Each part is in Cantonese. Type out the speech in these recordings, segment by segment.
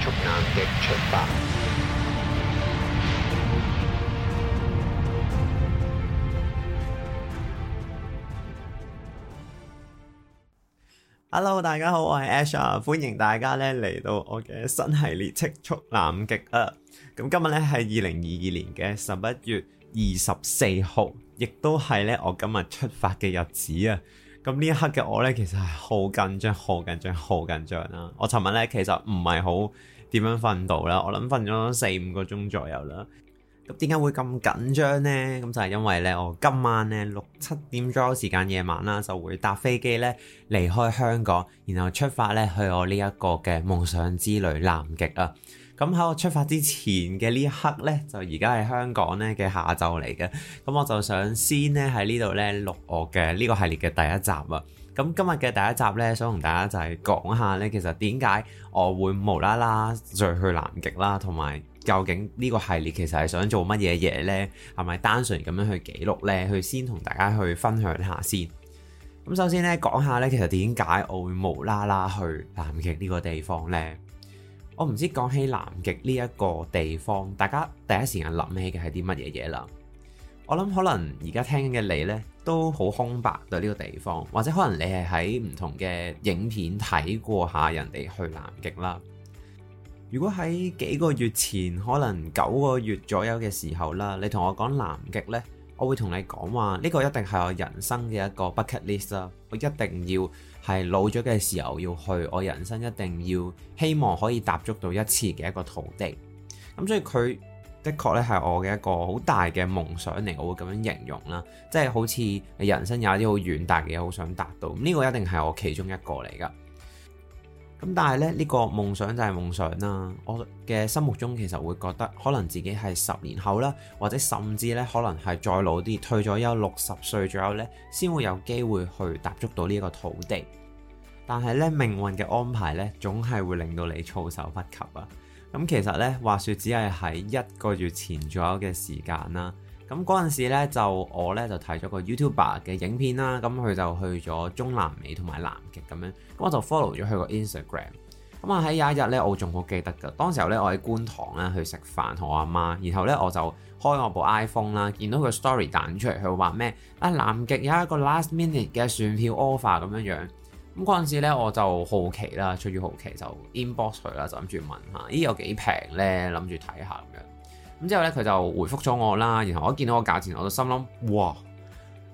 彳亍南極出發！Hello，大家好，我係 Ash 啊，歡迎大家咧嚟到我嘅新系列《彳亍南極》啊！咁今日咧係二零二二年嘅十一月二十四號，亦都係咧我今日出發嘅日子啊！咁呢一刻嘅我呢，其實係好緊張、好緊張、好緊張啦！我尋日呢，其實唔係好點樣瞓到啦，我諗瞓咗四五個鐘左右啦。咁點解會咁緊張呢？咁就係因為呢，我今晚呢，六七點左右時間夜晚啦，就會搭飛機呢離開香港，然後出發呢去我呢一個嘅夢想之旅——南極啊！咁喺我出發之前嘅呢一刻呢，就而家係香港呢嘅下晝嚟嘅。咁我就想先呢喺呢度呢錄我嘅呢個系列嘅第一集啊。咁今日嘅第一集呢，想同大家就係講下呢，其實點解我會無啦啦再去南極啦，同埋究竟呢個系列其實係想做乜嘢嘢呢？係咪單純咁樣去記錄呢？去先同大家去分享下先。咁首先呢，講下呢，其實點解我會無啦啦去南極呢個地方呢？我唔知講起南極呢一個地方，大家第一時間諗起嘅係啲乜嘢嘢啦？我諗可能而家聽緊嘅你呢，都好空白對呢個地方，或者可能你係喺唔同嘅影片睇過下人哋去南極啦。如果喺幾個月前，可能九個月左右嘅時候啦，你同我講南極呢。我會同你講話，呢個一定係我人生嘅一個 bucket list 啦。我一定要係老咗嘅時候要去，我人生一定要希望可以踏足到一次嘅一個土地。咁所以佢的確咧係我嘅一個好大嘅夢想嚟，我會咁樣形容啦。即係好似人生有一啲好遠大嘅嘢，好想達到，呢個一定係我其中一個嚟噶。咁但係咧呢個夢想就係夢想啦，我嘅心目中其實會覺得可能自己係十年後啦，或者甚至咧可能係再老啲，退咗休六十歲左右咧，先會有機會去踏足到呢個土地。但係咧命運嘅安排咧，總係會令到你措手不及啊！咁、嗯、其實咧，話說只係喺一個月前左右嘅時間啦。咁嗰陣時咧，就我咧就睇咗個 YouTuber 嘅影片啦，咁佢就去咗中南美同埋南極咁樣，咁我就 follow 咗佢個 Instagram。咁啊喺有一日咧，我仲好記得噶，當時候咧我喺觀塘咧去食飯同我阿媽，然後咧我就開我部 iPhone 啦，見到佢個 story 彈出嚟，佢話咩啊？南極有一個 last minute 嘅船票 offer 咁樣樣，咁嗰陣時咧我就好奇啦，出於好奇就 inbox 佢啦，就諗住問下，咦有幾平咧？諗住睇下咁樣。咁之後咧，佢就回覆咗我啦。然後我一見到個價錢，我就心諗：哇，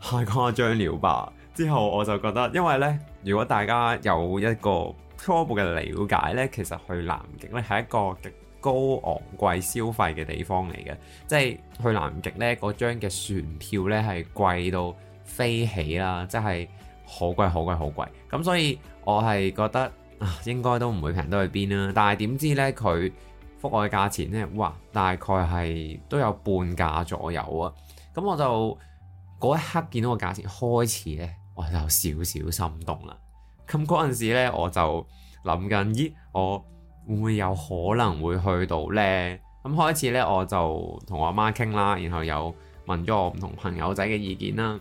太誇張了吧！之後我就覺得，因為呢，如果大家有一個初步嘅了解呢，其實去南極呢係一個極高昂貴消費嘅地方嚟嘅。即係去南極呢，嗰張嘅船票呢係貴到飛起啦！即係好貴、好貴、好貴。咁所以我係覺得啊，應該都唔會平得去邊啦。但係點知呢，佢覆我嘅價錢呢，哇！大概係都有半價左右啊。咁我就嗰一刻見到個價錢，開始呢，我就有少少心動啦。咁嗰陣時呢，我就諗緊，咦，我會唔會有可能會去到呢？咁開始呢，我就同我媽傾啦，然後又問咗我唔同朋友仔嘅意見啦。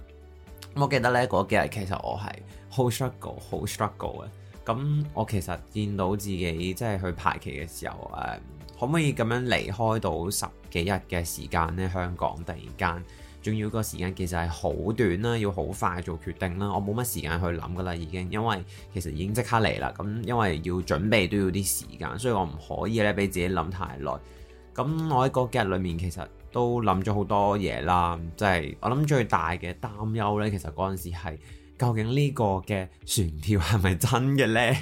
我記得呢嗰幾日，其實我係好 struggle，好 struggle 嘅。咁我其實見到自己即係去排期嘅時候，誒、嗯、～可唔可以咁樣離開到十幾日嘅時間呢？香港突然間，仲要個時間其實係好短啦，要好快做決定啦。我冇乜時間去諗噶啦，已經，因為其實已經即刻嚟啦。咁因為要準備都要啲時間，所以我唔可以咧俾自己諗太耐。咁我喺嗰幾日裡面其實都諗咗好多嘢啦，即係我諗最大嘅擔憂呢，其實嗰陣時係究竟呢個嘅船票係咪真嘅呢？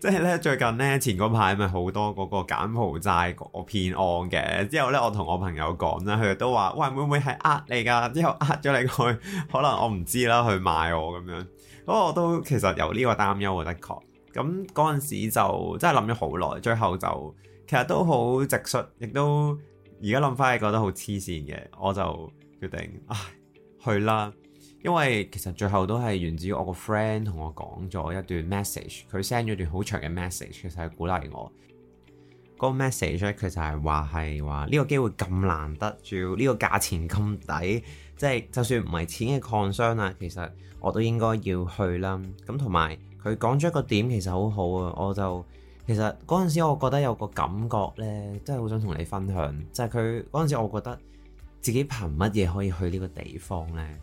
即係咧，最近咧前嗰排咪好多嗰個柬埔寨個騙案嘅，之後咧我同我朋友講啦，佢哋都話喂，會唔會係呃你噶？之後呃咗你去，可能我唔知啦，去賣我咁樣，咁我都其實有呢個擔憂嘅，的確。咁嗰陣時就真係諗咗好耐，最後就其實都好直率，亦都而家諗翻係覺得好黐線嘅，我就決定唉去啦。因為其實最後都係源自於我個 friend 同我講咗一段 message，佢 send 咗段好長嘅 message，其實係鼓勵我個 message 咧。其實係話係話呢個機會咁難得住，住呢個價錢咁抵，即係就算唔係錢嘅擴商啊，其實我都應該要去啦。咁同埋佢講咗一個點，其實好好啊。我就其實嗰陣時，我覺得有個感覺咧，真係好想同你分享，就係佢嗰陣時，我覺得自己憑乜嘢可以去呢個地方咧？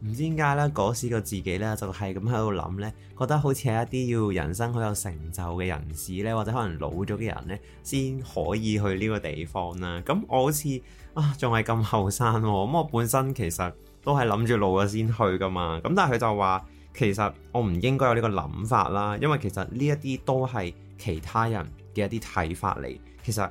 唔知點解呢，嗰時個自己呢，就係咁喺度諗呢，覺得好似係一啲要人生好有成就嘅人士呢，或者可能老咗嘅人呢，先可以去呢個地方啦。咁我好似啊，仲係咁後生喎。咁我本身其實都係諗住老咗先去㗎嘛。咁但係佢就話，其實我唔應該有呢個諗法啦，因為其實呢一啲都係其他人嘅一啲睇法嚟。其實。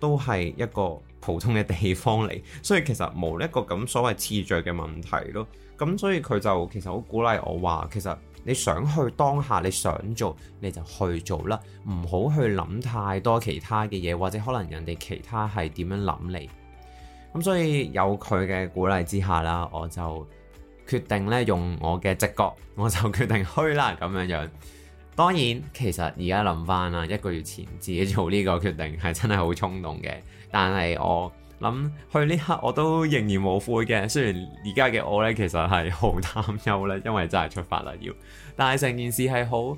都係一個普通嘅地方嚟，所以其實冇一個咁所謂次序嘅問題咯。咁所以佢就其實好鼓勵我話，其實你想去當下，你想做你就去做啦，唔好去諗太多其他嘅嘢，或者可能人哋其他係點樣諗你。咁所以有佢嘅鼓勵之下啦，我就決定咧用我嘅直覺，我就決定去啦咁樣樣。當然，其實而家諗返啦，一個月前自己做呢個決定係真係好衝動嘅。但係我諗去呢刻我都仍然冇悔嘅。雖然而家嘅我呢，其實係好擔憂呢，因為真係出發啦要。但係成件事係好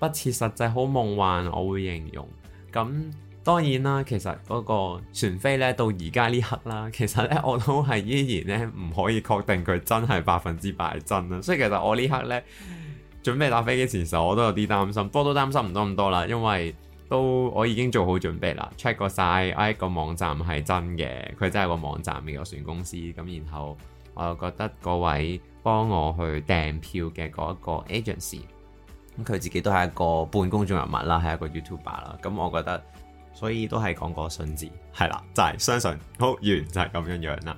不切實際、好夢幻，我會形容。咁當然啦，其實嗰個船飛呢，到而家呢刻啦，其實呢，我都係依然呢，唔可以確定佢真係百分之百真啦。所以其實我呢刻呢。準備搭飛機前時，其實我都有啲擔心，不過都擔心唔多咁多啦，因為都我已經做好準備啦，check 過曬，啊、哎、一、那個網站係真嘅，佢真係個網站未有船公司，咁然後我又覺得嗰位幫我去訂票嘅嗰一個 agency，佢自己都係一個半公眾人物啦，係一個 YouTuber 啦，咁我覺得，所以都係講個信字，係啦，就係相信，好完就係、是、咁樣樣啦。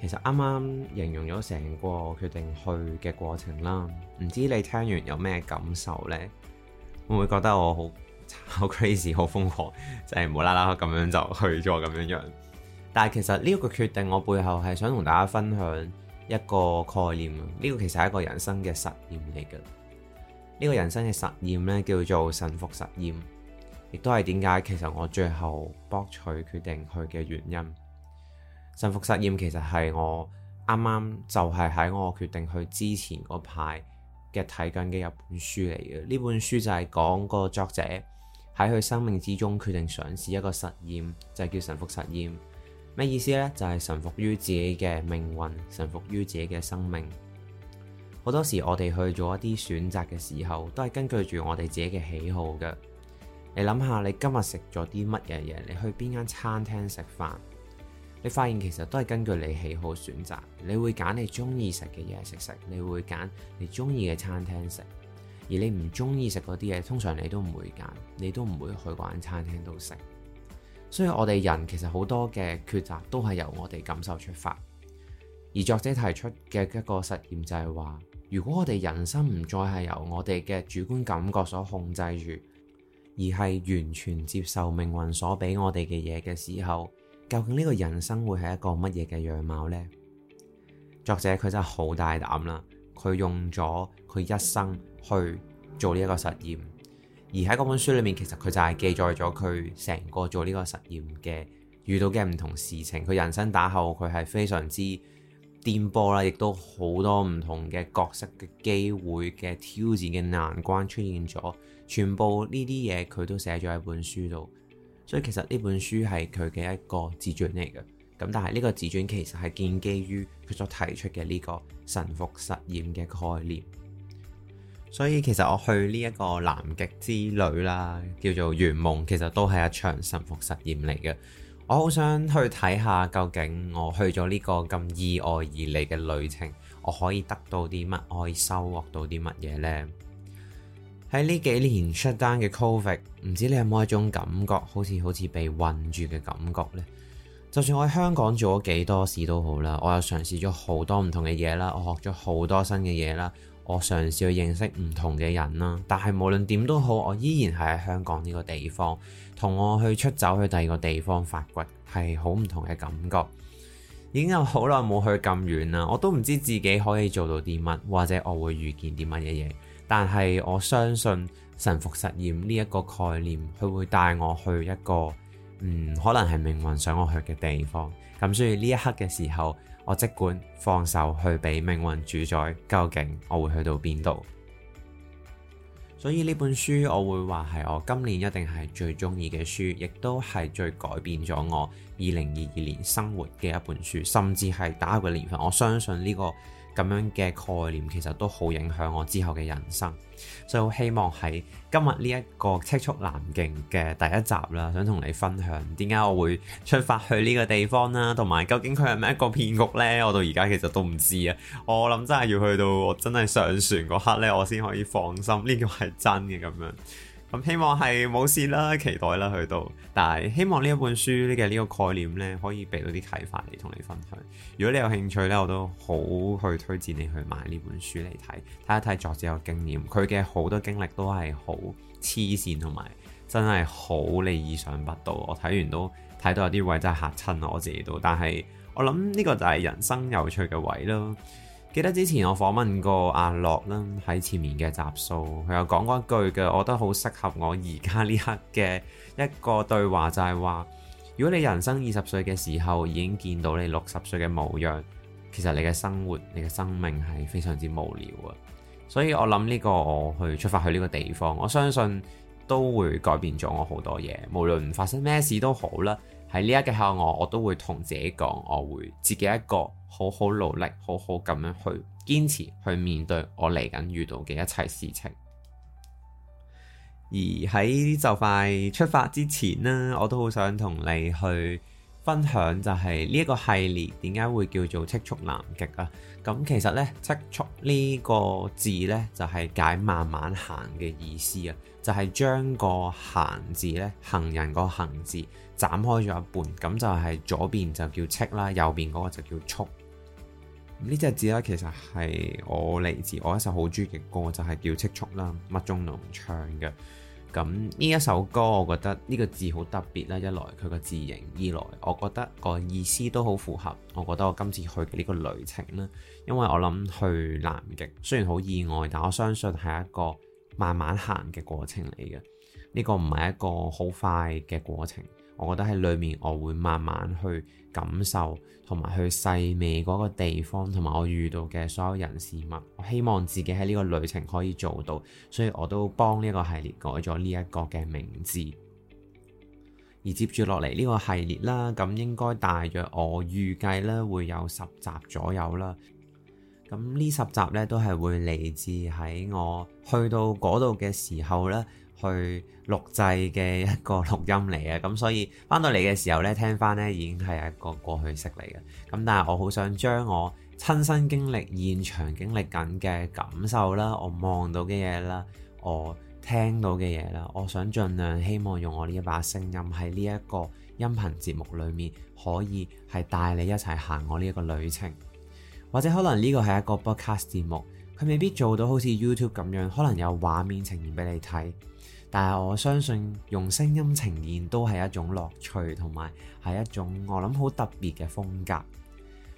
其實啱啱形容咗成個決定去嘅過程啦，唔知你聽完有咩感受呢？會唔會覺得我好 crazy、好 瘋狂，就係 無啦啦咁樣就去咗咁樣樣？但係其實呢一個決定，我背後係想同大家分享一個概念。呢、這個其實係一個人生嘅實驗嚟嘅。呢、這個人生嘅實驗呢，叫做臣服實驗，亦都係點解其實我最後博取決定去嘅原因。臣服實驗其實係我啱啱就係喺我決定去之前嗰排嘅睇緊嘅一本書嚟嘅。呢本書就係講個作者喺佢生命之中決定嘗試一個實驗，就係叫臣服實驗。咩意思呢？就係臣服於自己嘅命運，臣服於自己嘅生命。好多時我哋去做一啲選擇嘅時候，都係根據住我哋自己嘅喜好嘅。你諗下，你今日食咗啲乜嘢嘢？你去邊間餐廳食飯？你發現其實都係根據你喜好選擇，你會揀你中意食嘅嘢食食，你會揀你中意嘅餐廳食。而你唔中意食嗰啲嘢，通常你都唔會揀，你都唔會去嗰間餐廳度食。所以我哋人其實好多嘅抉擇都係由我哋感受出發。而作者提出嘅一個實驗就係話，如果我哋人生唔再係由我哋嘅主觀感覺所控制住，而係完全接受命運所俾我哋嘅嘢嘅時候，究竟呢個人生會係一個乜嘢嘅樣貌呢？作者佢真係好大膽啦，佢用咗佢一生去做呢一個實驗，而喺嗰本書裏面，其實佢就係記載咗佢成個做呢個實驗嘅遇到嘅唔同事情。佢人生打後，佢係非常之顛簸啦，亦都好多唔同嘅角色嘅機會嘅挑戰嘅難關出現咗，全部呢啲嘢佢都寫咗喺本書度。所以其實呢本書係佢嘅一個自傳嚟嘅，咁但係呢個自傳其實係建基於佢所提出嘅呢個神服實驗嘅概念。所以其實我去呢一個南極之旅啦，叫做圓夢，其實都係一場神服實驗嚟嘅。我好想去睇下，究竟我去咗呢個咁意外而嚟嘅旅程，我可以得到啲乜，我可以收穫到啲乜嘢呢？喺呢幾年 shutdown 嘅 Covid，唔知你有冇一種感覺，好似好似被困住嘅感覺呢？就算我喺香港做咗幾多事都好啦，我又嘗試咗好多唔同嘅嘢啦，我學咗好多新嘅嘢啦，我嘗試去認識唔同嘅人啦。但係無論點都好，我依然係喺香港呢個地方，同我去出走去第二個地方發掘，係好唔同嘅感覺。已經有好耐冇去咁遠啦，我都唔知自己可以做到啲乜，或者我會遇見啲乜嘢嘢。但係我相信臣服實驗呢一個概念，佢會帶我去一個嗯，可能係命運想我去嘅地方。咁所以呢一刻嘅時候，我儘管放手去俾命運主宰，究竟我會去到邊度？所以呢本書，我會話係我今年一定係最鍾意嘅書，亦都係最改變咗我二零二二年生活嘅一本書，甚至係打入嘅年份，我相信呢、這個。咁樣嘅概念其實都好影響我之後嘅人生，所以我希望喺今日呢一個彳亍南極嘅第一集啦，想同你分享點解我會出發去呢個地方啦，同埋究竟佢係咪一個騙局呢。我到而家其實都唔知啊！我諗真係要去到我真係上船嗰刻呢，我先可以放心，呢個係真嘅咁樣。咁、嗯、希望係冇事啦，期待啦去到，但係希望呢一本書嘅呢個概念呢，可以俾到啲啟發嚟同你分享。如果你有興趣呢，我都好去推薦你去買呢本書嚟睇，睇一睇作者嘅經驗，佢嘅好多經歷都係好黐線，同埋真係好你意想不到。我睇完都睇到有啲位真係嚇親我，自己都。但係我諗呢個就係人生有趣嘅位咯。記得之前我訪問過阿樂啦，喺前面嘅集數，佢有講過一句嘅，我覺得好適合我而家呢刻嘅一個對話，就係話：如果你人生二十歲嘅時候已經見到你六十歲嘅模樣，其實你嘅生活、你嘅生命係非常之無聊啊！所以我諗呢個我去出發去呢個地方，我相信都會改變咗我好多嘢，無論發生咩事都好啦。喺呢一刻我，我都會同自己講，我會自己一個好好努力，好好咁樣去堅持去面對我嚟緊遇到嘅一切事情。而喺就快出發之前呢，我都好想同你去分享，就係呢一個系列點解會叫做《彳亍南極》啊？咁其實呢《彳亍》呢個字呢，就係解慢慢行嘅意思啊，就係將個行字呢，行人個行字。斬開咗一半，咁就係左邊就叫彳啦，右邊嗰個就叫亍。呢隻字咧，其實係我嚟自我一首好中意嘅歌，就係、是、叫《彳亍》啦，麥浚龍唱嘅。咁呢一首歌，我覺得呢個字好特別啦。一來佢個字形，二來我覺得個意思都好符合。我覺得我今次去嘅呢個旅程啦，因為我諗去南極雖然好意外，但我相信係一個慢慢行嘅過程嚟嘅。呢、這個唔係一個好快嘅過程。我覺得喺裡面，我會慢慢去感受同埋去細味嗰個地方，同埋我遇到嘅所有人事物。我希望自己喺呢個旅程可以做到，所以我都幫呢個系列改咗呢一個嘅名字。而接住落嚟呢個系列啦，咁應該大約我預計咧會有十集左右啦。咁呢十集呢都係會嚟自喺我去到嗰度嘅時候呢去錄製嘅一個錄音嚟嘅。咁所以返到嚟嘅時候呢，聽返呢已經係一個過去式嚟嘅。咁但係我好想將我親身經歷、現場經歷緊嘅感受啦，我望到嘅嘢啦，我聽到嘅嘢啦，我想盡量希望用我呢一把聲音喺呢一個音頻節目裡面，可以係帶你一齊行我呢一個旅程。或者可能呢個係一個 broadcast 節目，佢未必做到好似 YouTube 咁樣，可能有畫面呈現俾你睇。但係我相信用聲音呈現都係一種樂趣，同埋係一種我諗好特別嘅風格。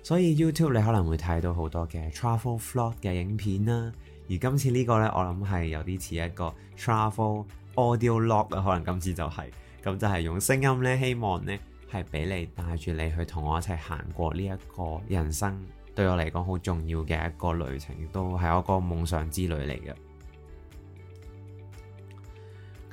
所以 YouTube 你可能會睇到好多嘅 travel vlog 嘅影片啦。而今次呢個呢，我諗係有啲似一個 travel audio log，可能今次就係、是、咁，就係用聲音呢，希望呢係俾你帶住你去同我一齊行過呢一個人生，對我嚟講好重要嘅一個旅程，亦都係我個夢想之旅嚟嘅。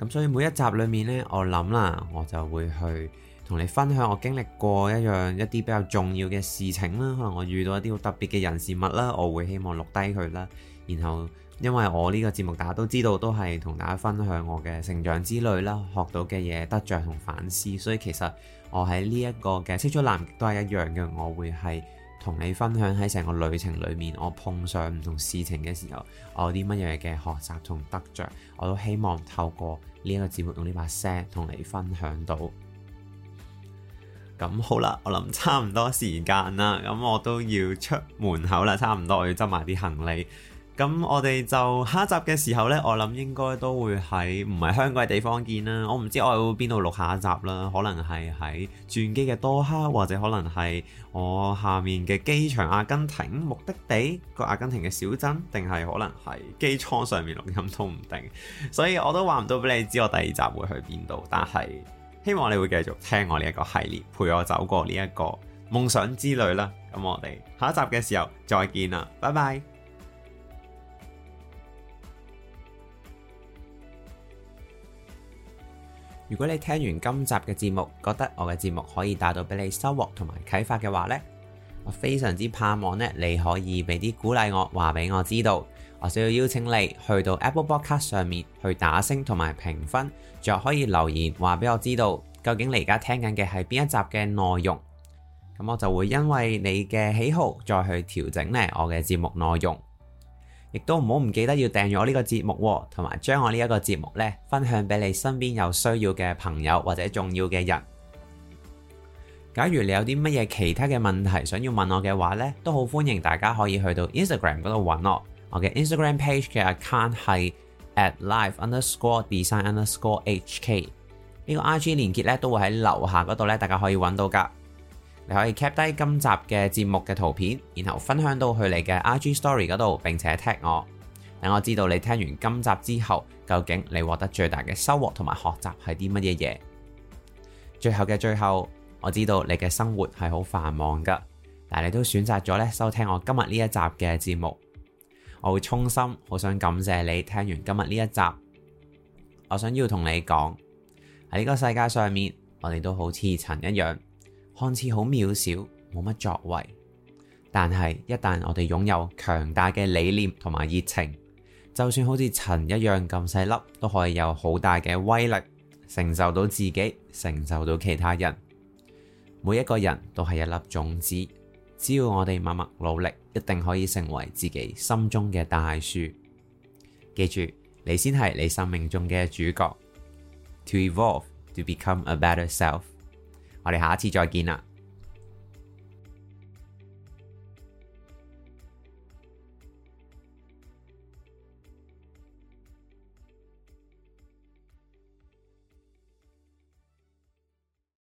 咁所以每一集裏面呢，我諗啦，我就會去同你分享我經歷過一樣一啲比較重要嘅事情啦。可能我遇到一啲好特別嘅人事物啦，我會希望錄低佢啦。然後，因為我呢個節目大家都知道，都係同大家分享我嘅成長之旅啦，學到嘅嘢、得着同反思。所以其實我喺呢一個嘅《彳南極亍》都係一樣嘅，我會係。同你分享喺成個旅程裏面，我碰上唔同事情嘅時候，我有啲乜嘢嘅學習同得着。我都希望透過呢個節目，用呢把聲同你分享到。咁 好啦，我諗差唔多時間啦，咁我都要出門口啦，差唔多我要執埋啲行李。咁我哋就下一集嘅時候呢，我諗應該都會喺唔係香港嘅地方見啦。我唔知我會邊度錄下一集啦，可能係喺轉機嘅多哈，或者可能係我下面嘅機場阿根廷目的地個阿根廷嘅小鎮，定係可能係機艙上面錄音都唔定。所以我都話唔到俾你知我第二集會去邊度，但係希望你會繼續聽我呢一個系列，陪我走過呢一個夢想之旅啦。咁我哋下一集嘅時候再見啦，拜拜。如果你聽完今集嘅節目，覺得我嘅節目可以帶到俾你收穫同埋啟發嘅話呢，我非常之盼望咧，你可以俾啲鼓勵我話俾我知道。我需要邀請你去到 Apple Podcast 上面去打星同埋評分，仲可以留言話俾我知道究竟你而家聽緊嘅係邊一集嘅內容。咁我就會因為你嘅喜好再去調整咧我嘅節目內容。亦都唔好唔記得要訂閱我呢個節目，同埋將我呢一個節目呢分享俾你身邊有需要嘅朋友或者重要嘅人。假如你有啲乜嘢其他嘅問題想要問我嘅話呢，都好歡迎大家可以去到 Instagram 嗰度揾我。我嘅 Instagram page 嘅 account 係 at life underscore design underscore hk。呢個 IG 連結呢都會喺樓下嗰度呢，大家可以揾到㗎。你可以 cap 低今集嘅節目嘅圖片，然後分享到去你嘅 IG story 嗰度，並且 tag 我，等我知道你聽完今集之後，究竟你獲得最大嘅收穫同埋學習係啲乜嘢嘢？最後嘅最後，我知道你嘅生活係好繁忙噶但係你都選擇咗咧收聽我今日呢一集嘅節目，我會衷心好想感謝你聽完今日呢一集。我想要同你講喺呢個世界上面，我哋都好似塵一樣。看似好渺小，冇乜作為，但係一旦我哋擁有強大嘅理念同埋熱情，就算好似塵一樣咁細粒，都可以有好大嘅威力，承受到自己，承受到其他人。每一個人都係一粒種子，只要我哋默默努力，一定可以成為自己心中嘅大樹。記住，你先係你生命中嘅主角。To evolve, to become a better self. 我哋下次再見啦。